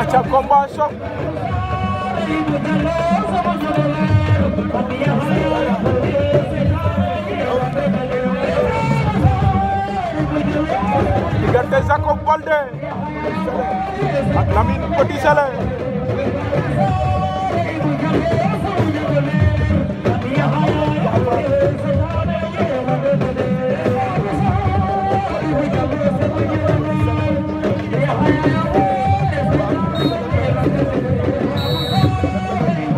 aca combat choc diggante Jacob Baldé ak Lamine Petit Sélé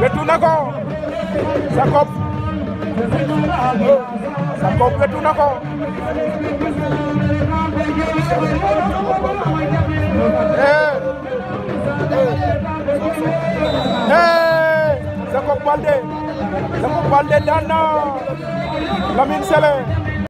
wetu na ko Jacob Jacob wetu na ko eh eh Jacob Baldé Jacob Baldé daan na Lamine Sele